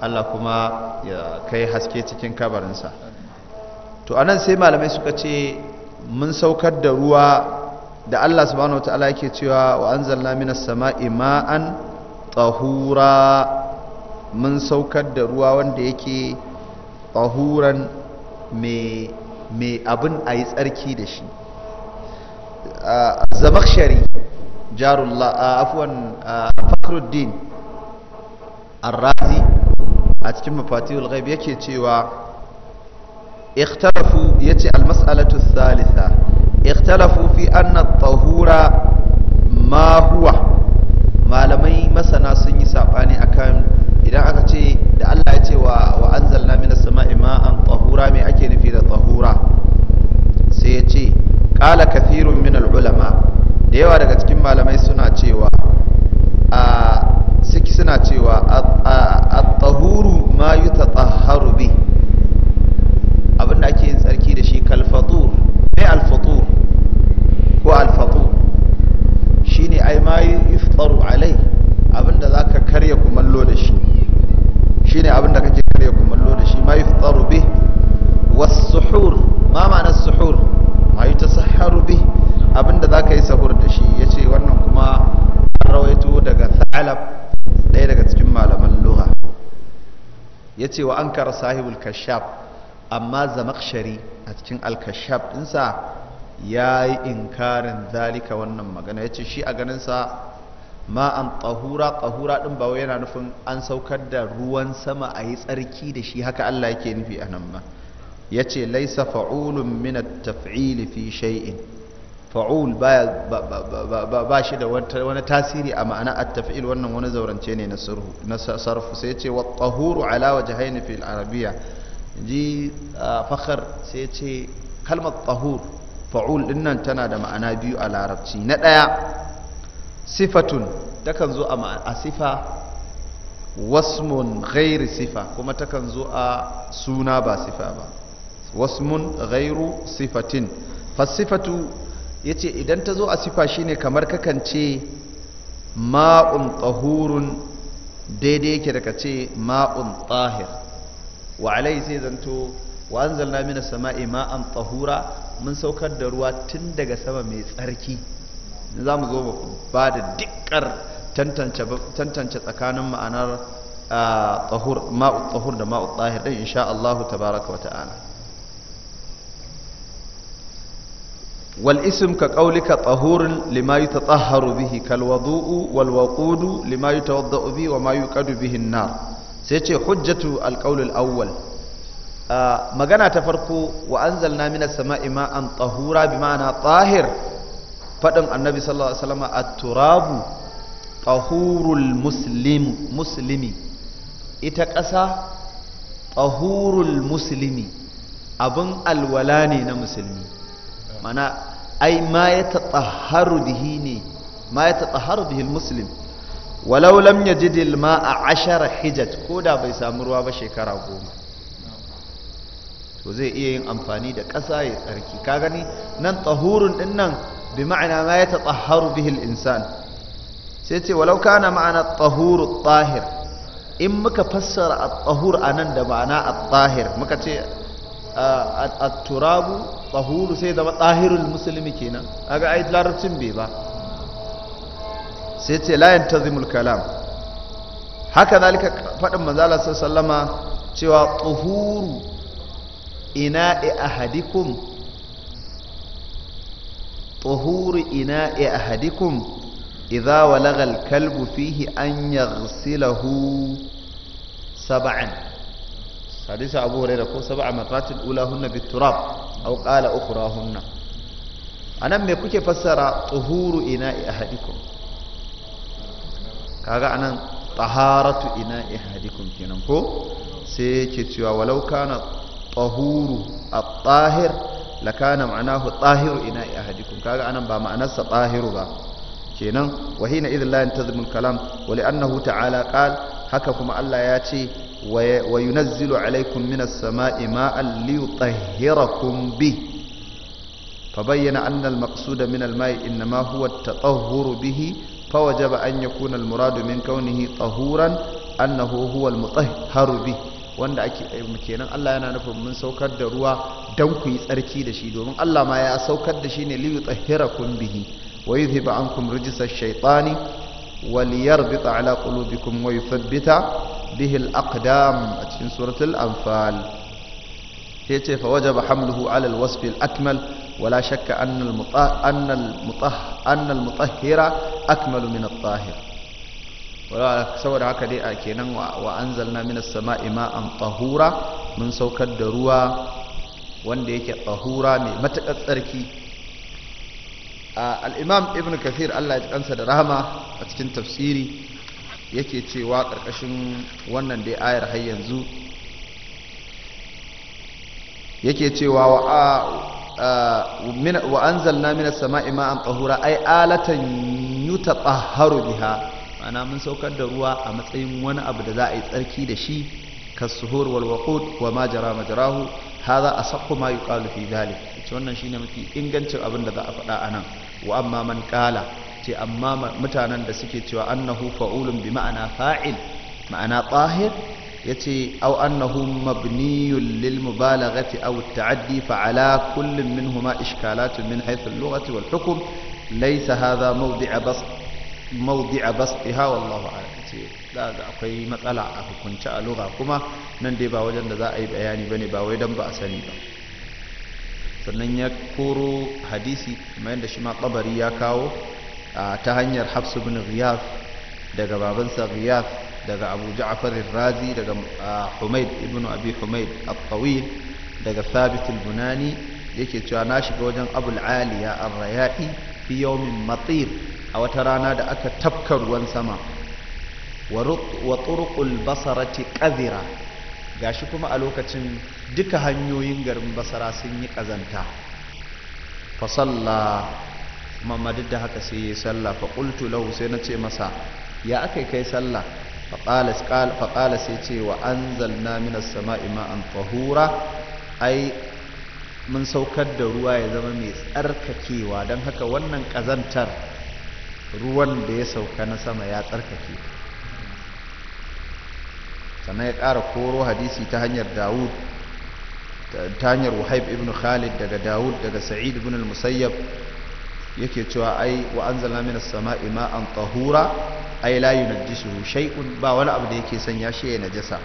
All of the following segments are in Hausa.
Allah kuma ya kai haske cikin kabarinsa to anan sai malamai suka ce mun saukar da ruwa da Allah subhanahu wataala yake cewa wa anzalna minas sama'i ma'an tahura mun saukar da ruwa wanda yake tahuran mai mai abin a yi tsarki da shi zamakshari jarullah afuwan fakhruddin arrazi a cikin mafatihul ghaib yake cewa ikhtalafu yace almas'alatu thalitha ikhtalafu fi anna tahura ma huwa malamai masana sun yi sabani akan idan aka ce da Allah ya ce wa wa anzalna minas sama'i ma'an tahura me ake nufi da tahura sai ya ce qala kathirun min al-ulama da yawa daga cikin malamai suna cewa a suna cewa tahuru ma yutatahharu bi abin da ake yin tsarki da shi kalfatur ne alfatur ko alfatur shine ai ma yuftaru alai abin da zaka karya kumallo da shi shine abin da kake karya kumallo da shi ma yuftaru bi was-suhur ma ma'anar suhur ma yutasahharu bi abin da zaka yi sahur da shi ya ce wannan kuma rawaito daga thalab ya ce wa an kara sahibul kashaf amma zamakshari a cikin alkashaf ɗinsa ya yi inkarin zalika wannan magana ya ce shi a ganinsa ma'an ƙahura ƙahura ɗin ba yana nufin an saukar da ruwan sama a yi tsarki da shi haka Allah yake nufi a nan ba ya ce laisa fa'ulun minat taf'ili fi shay'in fa'ul ba shi da wani tasiri a ma'ana at wannan wani zaurance ne na sarfu sai ce wa tahuru ala wajhayn fil arabiya ji fakhar sai ce kalmar tahur fa'ul dinnan tana da ma'ana biyu a larabci na ɗaya sifatun takan zo a sifa wasmun ghairi sifa kuma takan zo a suna ba sifa ba wasmun ghairu sifatin fasifatu ya ce idan ta zo a sifa shi ne kamar kakan ce ma'un tsahurun daidai yake daga ce ma'un tsahir wa alai sai zanto wa an zalna mina sama'i ma'an tsahura mun saukar da ruwa tun daga sama mai tsarki za mu zo ba da dikkar tantance tsakanin ma'anar ma'un ah, tsahur da ma'un tsahir ɗin insha Allah tabaraka wa ta'ala wal ism ka qaulika tahurun lima yutatahharu bihi kal wudu'u wal waqudu lima yatawadda'u wa ma yuqadu bihi an sai ce hujjatu al qawl al awwal magana ta farko wa anzalna minas sama'i ma'an tahura bi ma'ana tahir fadin annabi sallallahu alaihi wasallam turabu tahurul muslimi ita ƙasa tahurul muslimi abin alwala ne na musulmi mana ai ma ya tatahharu bihi ne ma ya tatahharu bihi muslim walau lam yajid al-ma'a 10 bai samu ruwa ba shekara goma to zai iya yin amfani da ƙasa ya tsarki ka gani nan tahurun din nan bi ma'ana ma ya tatahharu bihi al-insan sai ce walau kana ma'ana tahuru tahir in muka fassara at a nan da ma'ana at-tahir muka ce at-turabu tahuru sai zama tsahirul musulmi kenan kaga ai larabcin bai ba sai ce la yantazimul kalam haka zalika faɗin manzo sallama cewa tuhuru ina'i ahadikum ina ina'i ahadikum idza walagha al-kalbu fihi an yaghsilahu sab'an hadisi abu huraira ko sab'a marratin ulahunna biturab aw qala ukhrahunna anan me kuke fassara tuhuru ina'i ahadikum kaga anan taharatu ina'i ahadikum kenan ko sai yake cewa walau kana tahuru at-tahir lakana ma'anahu tahiru ina'i ahadikum kaga anan ba ma'anarsa tahiru ba kenan wahina idh la yantazimul kalam wa li'annahu ta'ala qala haka kuma Allah ya ce وينزل عليكم من السماء ماء ليطهركم به فبين أن المقصود من الماء إنما هو التطهر به فوجب أن يكون المراد من كونه طهورا أنه هو المطهر به وأن أكي مكينا الله أنا نفهم من سوك الدروة دوكي أركي دشيد ومن الله ما يأسوك الدشين ليطهركم به ويذهب عنكم رجس الشيطان وليربط على قلوبكم ويثبت bihi Akdam aqdam a cikin suratul anfal yace fa wajaba hamluhu Alal al akmal wala shakka anna al-mutah anna al-mutah anna al-mutahhira akmalu haka dai a kenan wa anzalna minas sama'i ma'an tahura mun saukar da ruwa wanda yake tahura mai matakar tsarki al-imam ibn kathir Allah ya kansa da rahama a cikin tafsiri yake cewa ƙarƙashin wannan dai ayar har yanzu yake cewa wa anzalna minas sama'i ma'an ƙahura ai alatan yutatahharu biha ma'ana mun saukar da ruwa a matsayin wani abu da za a yi tsarki da shi kasuhur wal waqud wa ma jara majrahu a asahhu ma yuqalu fi dhalik wannan shine mafi ingancin abin da za a faɗa anan wa amma man qala ce amma mutanen da suke cewa annahu fa'ulun bi ma'ana fa'il ma'ana tahir yace aw annahu mabniyun lil mubalaghati aw taaddi fa ala kullin minhuma ishkalatun min haythu al-lughati wal hukm laysa hadha mawdi'a bas mawdi'a basqiha wallahu a'lam ce da akwai matsala a hukunci a lugha kuma nan dai ba wajen da za a yi bayani bane ba wai dan ba a sani ba sannan ya koro hadisi kamar yadda shi ma tabari ya kawo ta hanyar hafs bin ghiyaf daga babansa Riyaf daga abu ja'far razi daga humaid ibn abi humaid al-tawil daga thabit al-bunani yake cewa na shiga wajen abul aliya ar-rayahi fi yawmin matir a wata rana da aka tafka ruwan sama wa turuqul basarati qazira gashi kuma a lokacin duka hanyoyin garin basara sun yi kazanta fasalla amma duk da haka sai ya sallah fa qultu lahu sai na ce masa ya akai kai sallah fa qala qala fa qala sai ce wa anzalna minas sama'i ma'an tahura ai mun saukar da ruwa ya zama mai tsarkakewa don haka wannan kazantar ruwan da ya sauka na sama ya tsarkake sannan ya ƙara koro hadisi ta hanyar dawud ta hanyar wahib ibn khalid daga dawud daga sa'id ibn al-musayyab yake cewa ai wa anzalna minas sama'i ma'an tahura ai la yunajjisuhu shay'un ba wani abu da yake sanya shi ya najasa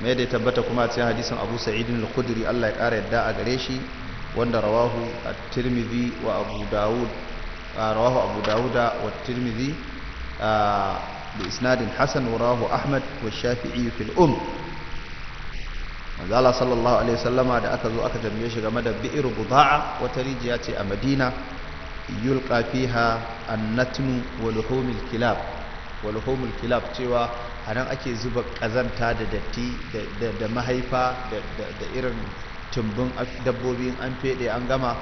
mai da tabbata kuma a cikin hadisin Abu Sa'id al-Khudri Allah ya kara yadda a gare shi wanda rawahu at-Tirmidhi wa Abu Dawud rawahu Abu Dawud wa at-Tirmidhi bi isnadin hasan wa rawahu Ahmad wa Shafi'i fil Um manzo Allah sallallahu alaihi wasallama da aka zo aka tambaye shi game da bi'ir buda'a wata rijiya ce a Madina yulqa fiha an-natnu wa luhumul kilab wa luhumul kilab cewa anan ake zuba kazanta da datti da mahaifa da irin tumbun dabbobi an fede an gama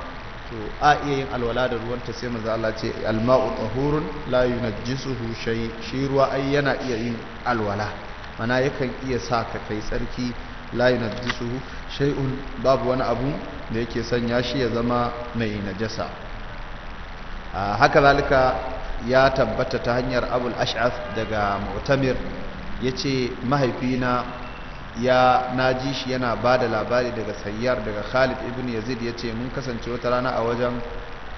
to a iya yin alwala da ruwan ta sai manzo Allah ce alma'u tahurun la yunajjisuhu shay shi ruwa ai yana iya yin alwala mana yakan iya sa ka kai tsarki la yunajjisuhu shay'un babu wani abu da yake sanya shi ya zama mai najasa haka zalika ya tabbata ta hanyar abul ash'af daga mu'tamir yace mahaifina ya naji shi yana bada labari daga sayyar daga Khalid ibn Yazid yace mun kasance wata rana a wajen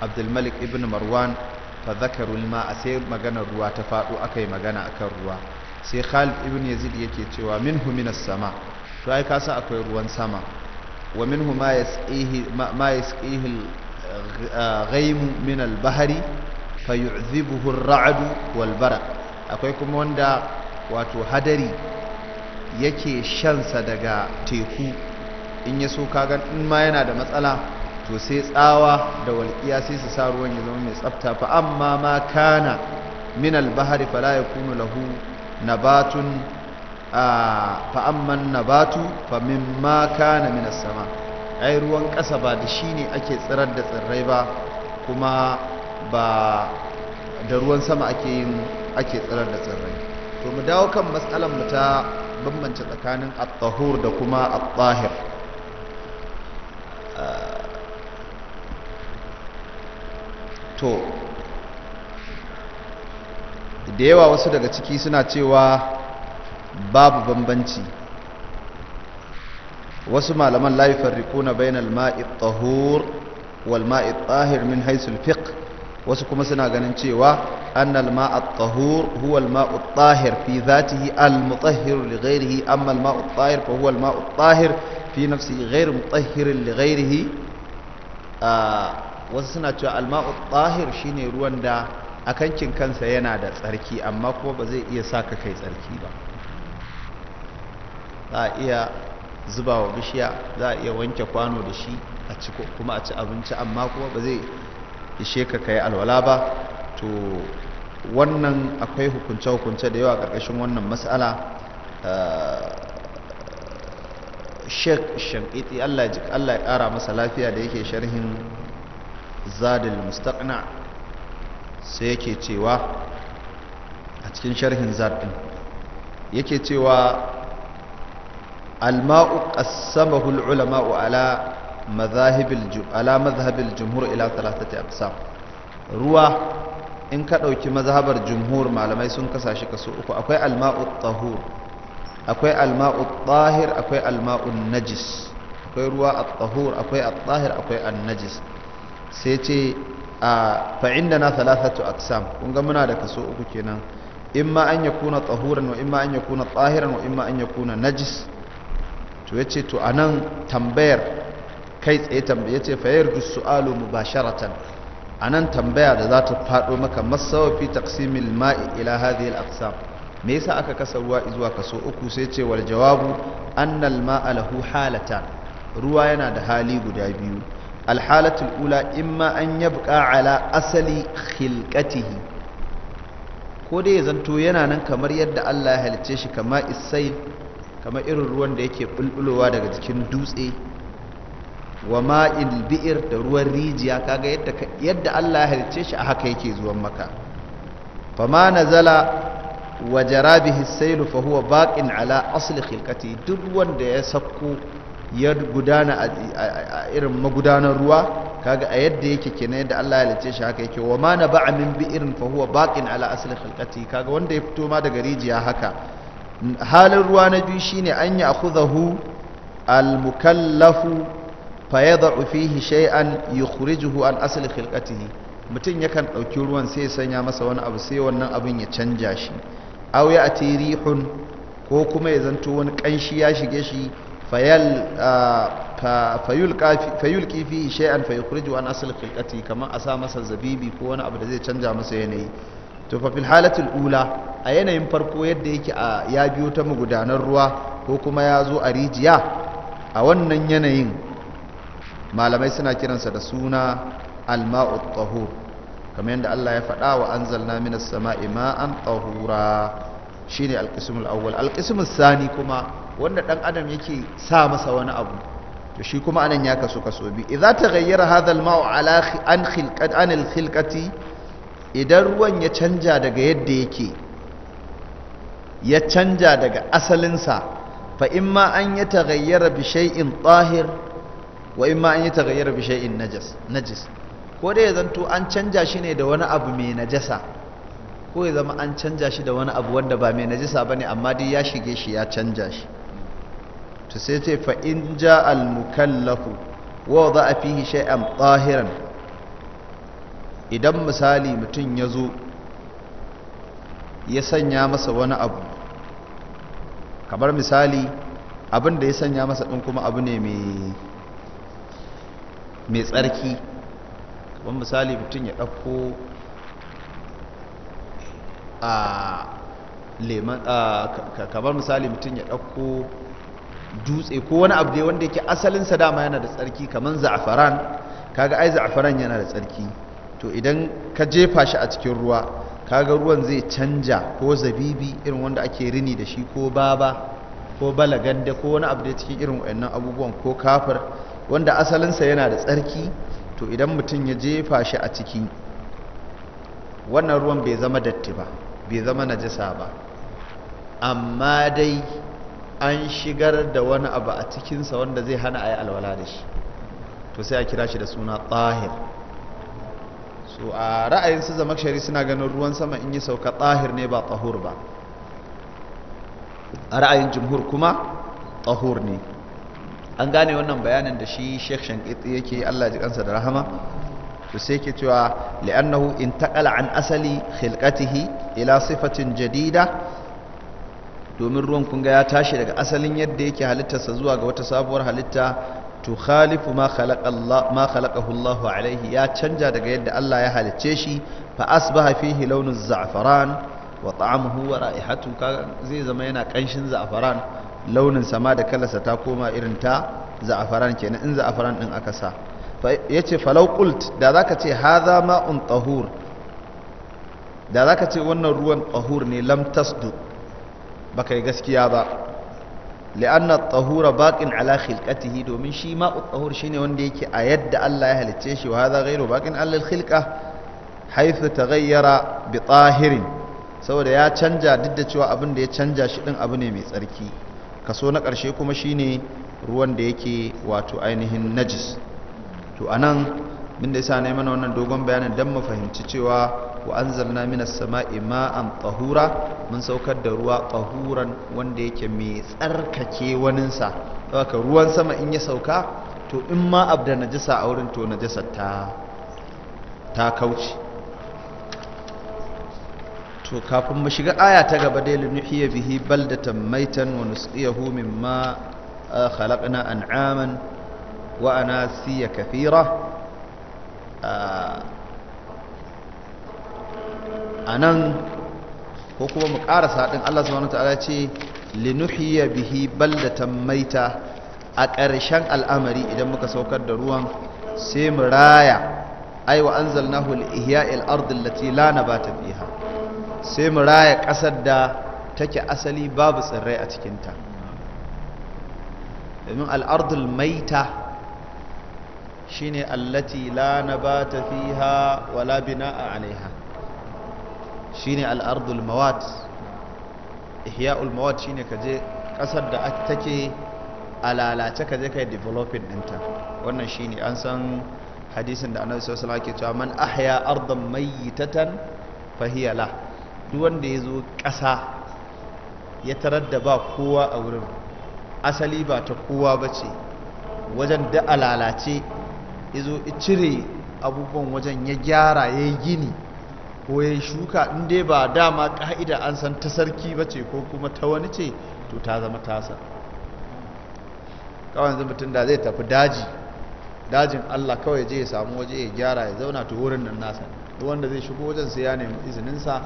Abdul Malik ibn Marwan fa zakaru al-ma'a sai maganar ruwa ta faɗo akai magana akan ruwa sai Khalid ibn Yazid yake cewa minhu minas sama to ai ka akwai ruwan sama wa minhu ma yasqihi ma yasqihi uh, ghaym min al-bahri fayu'dhibuhu ar-ra'd wal barq akwai kuma wanda wato hadari yake shansa daga teku in ya so gan in ma yana da matsala to sai tsawa da walƙiya sai su sa ruwan ya zama mai tsafta fa amma ma kana min al-bahri fala yakunu lahu nabatun fa'amman batu, fa maka na minas sama ai ruwan ƙasa ba da shi ne ake tsirar da tsirrai ba kuma ba da ruwan sama ake yin ake tsirar da tsirrai to mu dawo kan matsalar mu ta bambance tsakanin at-tahur da kuma at-tahir to da yawa wasu daga ciki suna cewa babu bambanci wasu malaman la yufarriquna bainal ma'i tahur wal ma'i tahir min haythu fiqh wasu kuma suna ganin cewa annal ma'a tahur huwa al ma'u tahir fi dhatihi al mutahhir li ghayrihi amma al ma'u tahir fa huwa al ma'u tahir fi nafsihi ghayr mutahhir li ghayrihi ah, wasu suna cewa al ma'u tahir shine ruwan da akankin kansa yana da tsarki amma kuma ba zai iya saka kai tsarki ba za a iya zuba wa bishiya za a iya wanke kwano da shi a ci kuma a ci abinci amma kuma ba zai ishe ka kai alwala ba to wannan akwai hukunce-hukunce da yawa ƙarƙashin wannan matsala eh, sheik shankiti allah ya ƙara masa lafiya da yake sharhin zadil mustaqna sai yake cewa a cikin sharhin zadin yake cewa الماء قسمه العلماء على مذاهب على مذهب الجمهور إلى ثلاثة أقسام ruwa in ka ɗauki mazhabar jumhur malamai sun kasa shi kaso uku akwai alma'ut tahur akwai alma'ut tahir najis akwai ruwa at tahur akwai at tahir akwai an najis sai ce a fa aqsam muna da kaso uku kenan imma an yakuna tahuran wa imma an yakuna tahiran wa imma an yakuna najis to ya ce to a nan tambayar kai tsaye tambaya ya ce fayar da su'alu mu ba sharatan a nan tambaya da za ta faɗo maka masawafi taksimin ma'i ila hadhihi al me yasa aka kasa ruwa zuwa kaso uku sai ce wal jawabu annal ma'a lahu ruwa yana da hali guda biyu alhalatul ula imma an yabqa ala asali khilqatihi ko dai ya zanto yana nan kamar yadda Allah ya halicce shi kama isai. kamar irin ruwan da yake bulbulowa daga jikin dutse wa ma'il bi'ir da ruwan rijiya kaga yadda yadda Allah ya halicce shi a haka yake zuwan maka fama nazala wa jarabihi sailu fa huwa baqin ala asli khilqati duk wanda ya sakko ya gudana a irin magudanar ruwa kaga a yadda yake kenan yadda Allah ya halicce shi haka yake wa ma naba'a min bi'irin fa huwa baqin ala asli khilqati kaga wanda ya fito ma daga rijiya haka halin ruwa na biyu shine an ya akhudahu al-mukallafu fa yad'u fihi shay'an yukhrijuhu an asli khilqatihi mutum yakan ɗauki ruwan sai ya sanya masa wani abu sai wannan abin ya canja shi aw ya atirihun ko kuma ya zanto wani ƙanshi ya shige shi fayal fayulki fihi shay'an fa yukhrijuhu an asli khilqatihi kamar a sa masa zabibi ko wani abu da zai canja masa yanayi to fa halatul ula a yanayin farko yadda yake a ya biyo ta magudanar ruwa ko kuma ya zo a rijiya a wannan yanayin malamai suna kiransa da suna alma'ut tahur kamar yadda Allah ya faɗa wa anzalna minas sama'i ma'an tahura shine alqismul awwal alqismul sani kuma wanda dan adam yake sa masa wani abu to shi kuma anan ya kasu kaso bi idza taghayyara hadha alma'u ala an khilqat idan ruwan ya canja daga yadda yake ya canja daga asalinsa fa imma an ya tagayyara bi shay'in tahir wa imma an ya tagayyara bi shay'in najas najis ko dai ya zanto an canja shi ne da wani abu mai najasa ko ya zama an canja shi da wani abu wanda ba mai najasa bane amma dai ya shige shi ya canja shi to sai ce fa in ja al mukallafu wa wada fihi shay'an tahiran idan misali mutum ya zo ya sanya masa wani abu kamar misali abin da ya sanya masa ɗin kuma abu ne mai tsarki kamar misali mutum ya ɗauko a leman kamar misali mutum ya ɗauko dutse ko wani abu dai wanda yake asalinsa dama yana da tsarki kamar za'afaran kaga ai za'afaran yana da tsarki to idan ka jefa shi a cikin ruwa kaga ruwan zai canja ko zabibi irin wanda ake rini da shi ko baba ko balaganda ko wani abu da cikin irin wayannan abubuwan ko kafir wanda asalinsa yana da tsarki to idan mutum ya jefa shi a ciki wannan ruwan bai zama datti ba bai zama najasa ba amma dai an shigar da wani abu a cikinsa wanda zai hana a yi alwala da shi to sai a kira shi da suna tsahir so a ra'ayin su shari'a suna ganin ruwan sama in yi sauka tsahir ne ba tsahur ba a ra'ayin jumhur kuma tsahur ne an gane wannan bayanin da shi sheikh shankiti yake allah ji kansa da rahama to sai ke cewa li'annahu in taƙala an asali khilqatihi ila sifatin jadida domin ruwan kunga ya tashi daga asalin yadda yake halittarsa zuwa ga wata sabuwar halitta tukhalifu ma khalaqa ma khalaqahu Allah alayhi ya canja daga yadda Allah ya halicce shi fa asbaha fihi launu za'faran wa ta'amuhu wa ra'ihatu zai zama yana kanshin za'faran launin sama da kalarsa ta koma irin ta za'faran kenan in za'faran din aka sa yace falau qult da zaka ce hadha ma'un tahur da zaka ce wannan ruwan tahur ne lam tasdu baka yi gaskiya ba li'anna tahura baqin ala khilqatihi domin shi ma tahur shine wanda yake a yadda Allah ya halicce shi wa hadha ghairu baqin ala al-khilqa haythu taghayyara bi tahirin saboda ya canja duk da cewa abin da ya canja shi din abu ne mai tsarki kaso na karshe kuma shine ruwan da yake wato ainihin najis to anan min da yasa yi mana wannan dogon bayanin dan mu fahimci cewa wa mina minas sama'i ma'an tahura mun saukar da ruwa tahuran wanda yake mai tsarkake waninsa saboda ruwan sama in ya sauka to in ma abda najasa a wurin to najasa ta ta kauce to kafin mu shiga aya ta gaba dai linuhiya bihi baldatan maitan wa nusqiyahu mimma ah, khalaqna an'aman wa anasiya kathira ah, a nan ko kuma mu ƙarasa ɗin Allah subhanahu wa ta'ala ce linuhiya bihi baldatan maita a ƙarshen al'amari idan muka saukar da ruwan sai mu raya ai wa anzalnahu ihya al-ard allati la nabata fiha sai mu raya ƙasar da take asali babu tsirrai a cikin ta domin al-ard al-maita shine allati la nabata fiha wala bina'a alaiha shine al mawat ihya'ul mawat shine kaje kasar da take alalace kaje kai developing dinta wannan shine an san hadisin da annabi sallallahu alaihi wasallam ke cewa man ahya ardan mayyitatan fahiya la duk wanda yazo kasa ya tarar da ba kowa a wurin asali ba ta kowa bace wajen da alalace lalace yazo cire abubuwan wajen ya gyara ya yi gini ko ya shuka in dai ba dama ka'ida an san ta sarki ba ce ko kuma ta wani ce to ta zama tasa kawai yanzu mutum da zai tafi daji dajin allah kawai je ya samu waje ya gyara ya zauna ta wurin nan nasa duk wanda zai shigo wajen sai ya nemi izininsa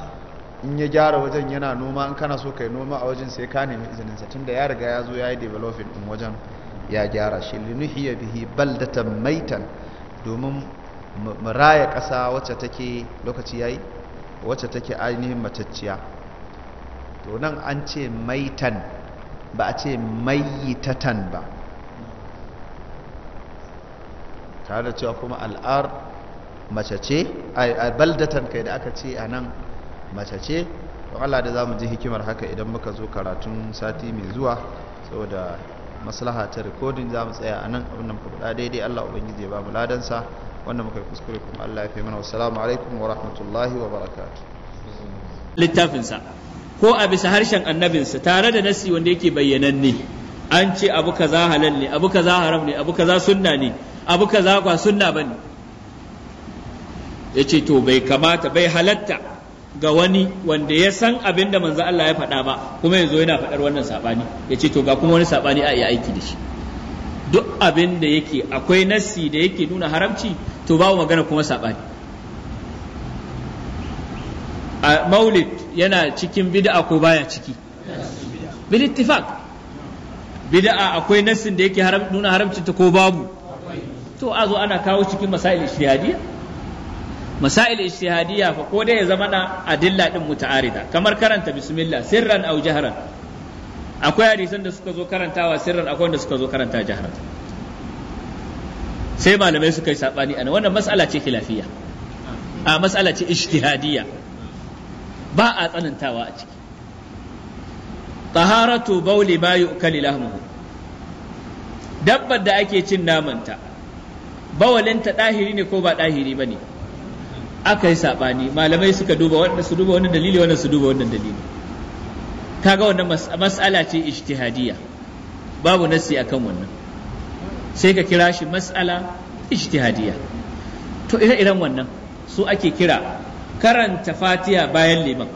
in ya gyara wajen yana noma in kana so kai noma a wajen sai ka nemi sa tunda ya riga ya zo ya yi developing din wajen ya gyara shi linuhiya bihi baldatan maitan domin mu raya ƙasa wacce take lokaci yayi wacce take ainihin matacciya to nan an ce maitan ba a ce maitatan ba tare da cewa kuma al'ar mace a baldatan kai da aka ce a nan mace ce to Allah da za mu ji hikimar haka idan muka zo karatun sati mai zuwa saboda maslaha ta rikodin za mu tsaya a nan abin da muka faɗa daidai Allah ubangiji ya ba mu ladansa wanda muka yi kuskure kuma Allah ya fi mana salamu alaikum wa rahmatullahi wa barakatuh littafinsa ko a bisa harshen annabinsa tare da nasi wanda yake bayyananne an ce abu kaza halal ne abu kaza haram ne abu kaza sunna ne abu kaza kwa sunna bane yace to bai kamata bai halatta ga wani wanda ya san abin da manzo Allah ya faɗa ba kuma yanzu yana faɗar wannan sabani yace to ga kuma wani sabani a iya aiki da shi duk abin da yake akwai nasi da yake nuna haramci to babu magana kuma saɓani a maulid yana cikin bid'a ko baya ciki bil ittifaq bid'a akwai nassin da yake nuna haramcinta ko babu to a zo ana kawo cikin masail ijtihadiyya masail ijtihadiyya fa ko dai ya zama na adilla din muta'arida kamar karanta bismillah sirran aw jahran akwai hadisan da suka zo karantawa sirran akwai wanda suka zo karanta jahran sai malamai suka yi sabani ana wannan matsala ce khilafiyya a matsala ce ishtihadiyya ba a tsanantawa a ciki taharatu bauli ma yu'kali lahmuhu dabbar da ake cin namanta bawalinta ɗahiri ne ko ba ɗahiri ba ne aka yi saɓani malamai suka duba wannan su duba wannan dalili wannan su duba wannan dalili kaga wannan mas'ala ce ijtihadiyya babu nasi akan wannan sai ka kira shi mas'ala ijtihadiyya to ire-iren wannan su ake kira karanta fatiha bayan liman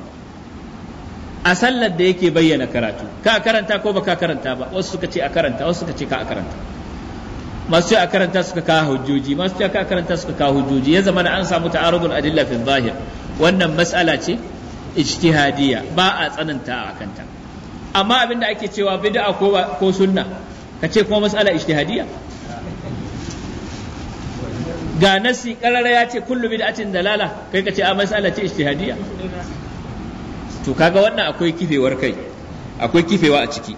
a sallar da yake bayyana karatu ka karanta ko baka karanta ba wasu suka ce a karanta wasu suka ce ka a karanta masu ce a karanta suka kawo hujjoji masu ce ka karanta suka kawo hujjoji ya zama an samu ta'arudul adilla fi zahir wannan mas'ala ce ijtihadiyya ba a tsananta a kanta amma abinda ake cewa bid'a ko ko sunna ka ce kuma matsala ishtihadiyya ga nasi karara ya ce kullu bid'atin dalala kai ka ce a matsala ce ishtihadiyya to kaga wannan akwai kifewar kai akwai kifewa a ciki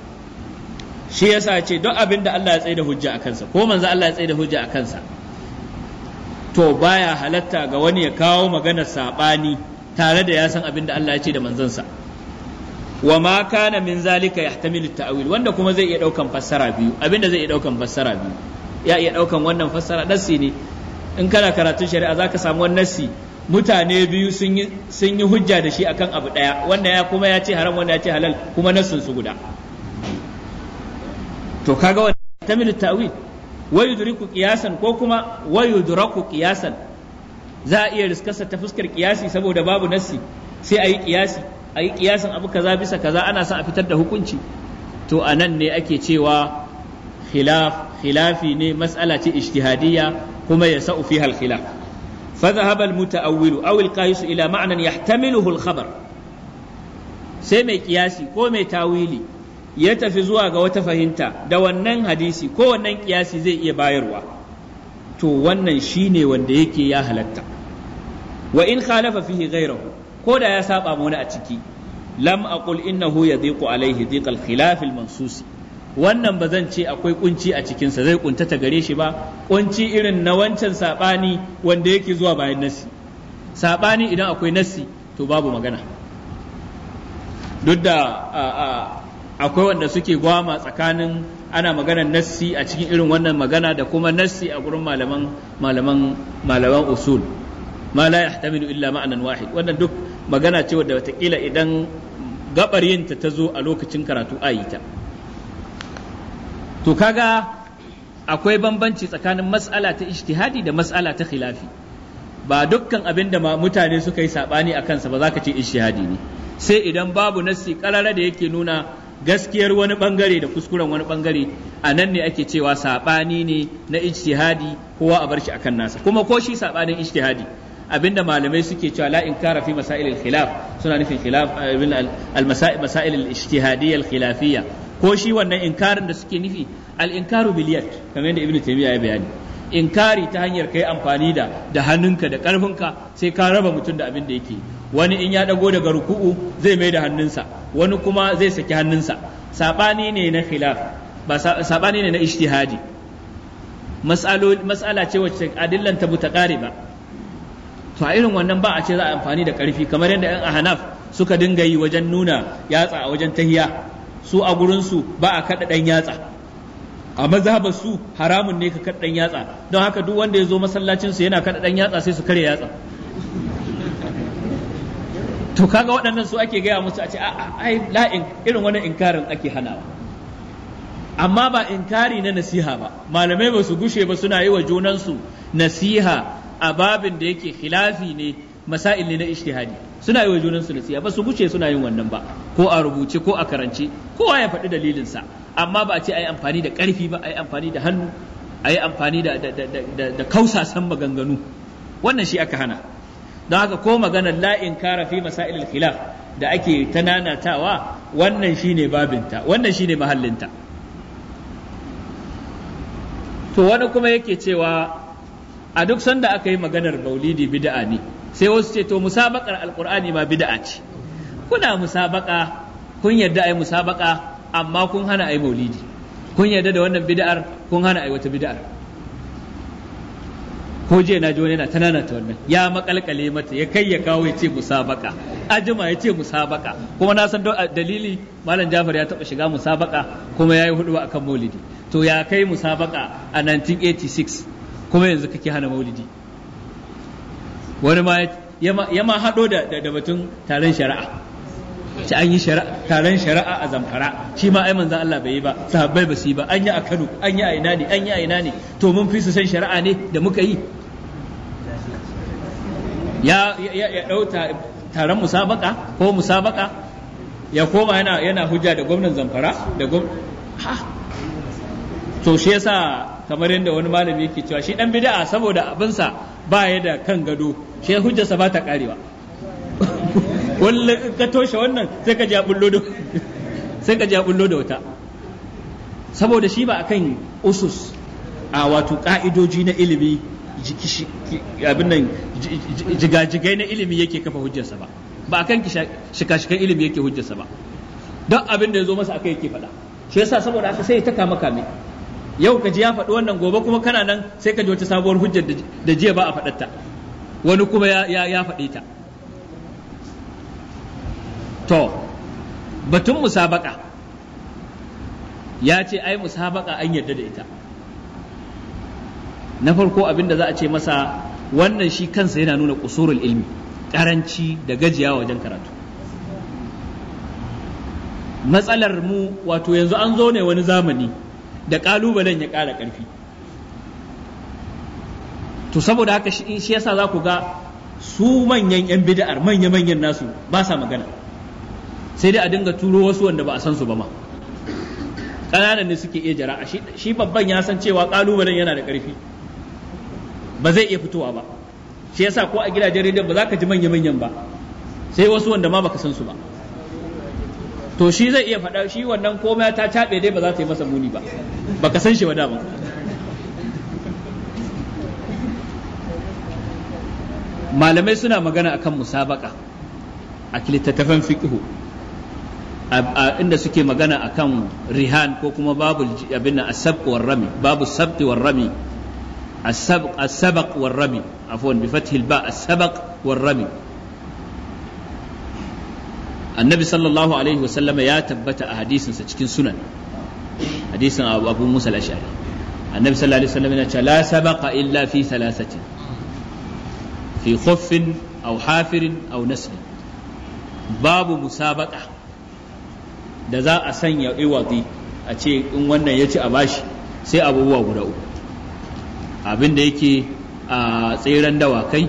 shi yasa ce duk abin da Allah ya tsaye da hujja a kansa ko manzo Allah ya tsaye da hujja a kansa to baya halatta ga wani ya kawo maganar sabani tare da ya san abin da Allah ya ce da manzansa wa ma kana min zalika yahtamilu ta'wil wanda kuma zai iya daukan fassara biyu abinda zai iya daukan fassara biyu ya iya daukan wannan fassara nassi ne in kana karatun shari'a zaka samu wannan nassi mutane biyu sun yi hujja da shi akan abu daya wanda ya kuma ya ce haram wanda ya ce halal kuma nassin su guda to kaga wannan yahtamilu ta'wil wa yudriku qiyasan ko kuma wa yudraku qiyasan za a iya riskarsa ta fuskar kiyasi saboda babu nassi sai a yi kiyasi a yi kiyasin abu kaza bisa kaza ana son a fitar da hukunci to a nan ne ake cewa khilaf khilafi ne mas'ala ce ijtihadiyya kuma ya sa'u fiha al-khilaf fa dhahaba al-muta'awwilu aw al-qais ila ma'nan yahtamiluhu al-khabar sai mai kiyasi ko mai tawili ya tafi zuwa ga wata fahimta da wannan hadisi ko wannan kiyasi zai iya bayarwa to wannan shine wanda yake ya halatta wa in khalafa fihi ghayrahu ko da ya saba mu wani a ciki lam aqul innahu yadhiqu alaihi dhiqal khilaf al mansusi wannan ba zan ce akwai kunci a cikinsa zai kuntata gare shi ba kunci irin na wancan saɓani wanda yake zuwa bayan nasi saɓani idan akwai nasi to babu magana duk da akwai wanda suke gwama tsakanin ana maganar nassi a cikin irin wannan magana da kuma nassi a gurin malaman malaman malaman usul ma la yahtamilu illa ma'anan wahid wannan duk magana cewa da watakila idan gabar yinta ta zo a lokacin karatu a yi ta to kaga akwai bambanci tsakanin mas'ala ta ijtihadi da mas'ala ta khilafi ba dukkan abin da mutane suka yi saɓani a kansa ba za ka ce ijtihadi ne sai idan babu nassi karara da yake nuna gaskiyar wani bangare da kuskuren wani bangare a nan ne ake cewa saɓani ne na ijtihadi kowa a bar shi akan nasa kuma ko shi sabanin ijtihadi abinda malamai suke cewa la inkara fi masailil khilaf suna nufin khilaf al masail al ijtihadiyya al khilafiyya ko shi wannan inkarin da suke nufi al inkaru bil da kamar yadda ibnu taymiya ya bayani inkari ta hanyar kai amfani da da hannunka da karfinka sai ka raba mutum da abin da yake wani in ya dago daga ruku'u zai mai da hannunsa wani kuma zai saki hannunsa sabani ne na khilaf ba sabani ne na ijtihadi mas'ala ce wacce adillan ta ba. to a irin wannan ba a ce za a amfani da karfi kamar yadda yan ahanaf suka dinga yi wajen nuna yatsa a wajen tahiya su a gurin ba a kaɗa ɗan yatsa a mazhabar su haramun ne ka kaɗa ɗan yatsa don haka duk wanda ya zo masallacin su yana kaɗa ɗan yatsa sai su kare yatsa to kaga waɗannan su ake gaya musu a ce ai la'in irin wannan inkarin ake hanawa amma ba inkari na nasiha ba malamai ba su gushe ba suna yi wa junansu nasiha a babin da yake khilafi ne masail ne na ijtihadi suna yi wa junan su nasiha ba su guce suna yin wannan ba ko a rubuce ko a karance kowa ya faɗi dalilin sa amma ba a ce ayi amfani da ƙarfi ba ai amfani da hannu ai amfani da da kausasan maganganu wannan shi aka hana don haka ko maganar la inkara fi hilaf khilaf da ake ta nanatawa wannan shine babinta wannan shine mahallinta to wani kuma yake cewa a duk sanda aka yi maganar maulidi bid'a ne sai wasu ce to musabakar Alkur'ani ma bid'a ce kuna musabaka kun yarda ai musabaka amma kun hana ai maulidi kun yarda da wannan bid'ar kun hana ai wata bid'ar ko je na ji wani yana tanana ta wannan ya makalkale mata ya kai ya kawo ya ce musabaka ajima ya ce musabaka kuma na san dalili malam Jafar ya taba shiga musabaka kuma ya yayi hudu akan maulidi to ya kai musabaka a 1986 kuma yanzu kake hana maulidi wani ma ya ma haɗo da batun taron shari'a ci an yi taron shari'a a zamfara shi ma ai manzan Allah bai yi ba sahabbai ba su yi ba an yi a Kano an yi a ina ne an yi a ina ne to mun fi su san shari'a ne da muka yi ya ya ɗau taron musabaka ko musabaka ya koma yana yana hujja da gwamnan zamfara da gwamnan ha to shi yasa kamar yadda wani malami yake cewa shi dan bid'a saboda abinsa ba ya da kan gado shi sa ba ta karewa wallahi ka toshe wannan sai ka ji a bullo da sai ka ji bullo da wata saboda shi ba akan usus a wato ka'idoji na ilimi abin nan jigajigai na ilimi yake kafa hujjarsa ba ba akan shika-shikan ilimi yake hujjarsa ba don abin da ya zo masa akai yake faɗa shi yasa saboda aka sai ta maka kame yau ka ji ya faɗi wannan gobe kuma kana nan sai ka ji wata sabuwar hujjar da jiya ba a faɗarta wani kuma ya ya faɗi ta to batun musabaka ya ce ai musabaka an yarda da ita na farko abin da za a ce masa wannan shi kansa yana nuna kusurul ilmi karanci da gajiya wajen karatu matsalar mu wato yanzu an zo ne wani zamani da kalubalen ya ƙara ƙarfi to saboda haka shi yasa za ku ga su manyan 'yan bida'ar manya-manyan nasu ba sa magana sai dai a dinga turo wasu wanda ba a san su ba ma ƙananan ne suke iya jara'a shi babban ya san cewa ƙalubalen yana da ƙarfi ba zai iya fitowa ba shi yasa ko a gidajen rediyo ba za ka ji manya-manyan ba sai wasu wanda ma baka san su ba to shi zai iya faɗa shi wannan komai ta taɓe dai ba za ta yi masa muni ba ba ka san shi ba dama malamai suna magana akan musabaka a littattafan fiqhu inda suke magana akan rihan ko kuma babu abin nan asabq rami babu sabq rami asabq asabq rami afwan bi fathil ba asabq war rami annabi sallallahu alaihi wasallam ya tabbata a hadisinsa cikin sunan hadisin abu musa al-ashari annabi sallallahu alaihi wasallam yana cewa la sabaqa illa fi thalathati fi khuffin aw hafirin aw nasl babu musabaqa da za a sanya iwadi a ce in wannan ya ci a bashi sai abubuwa guda uku abin da yake a tseren dawakai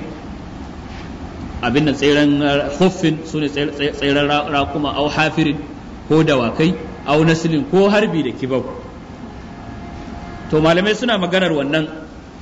abin nan tseren eh, huffin su ne tseren raƙuma au hafirin ko dawakai au nasilin ko harbi da kibau to malamai suna maganar wannan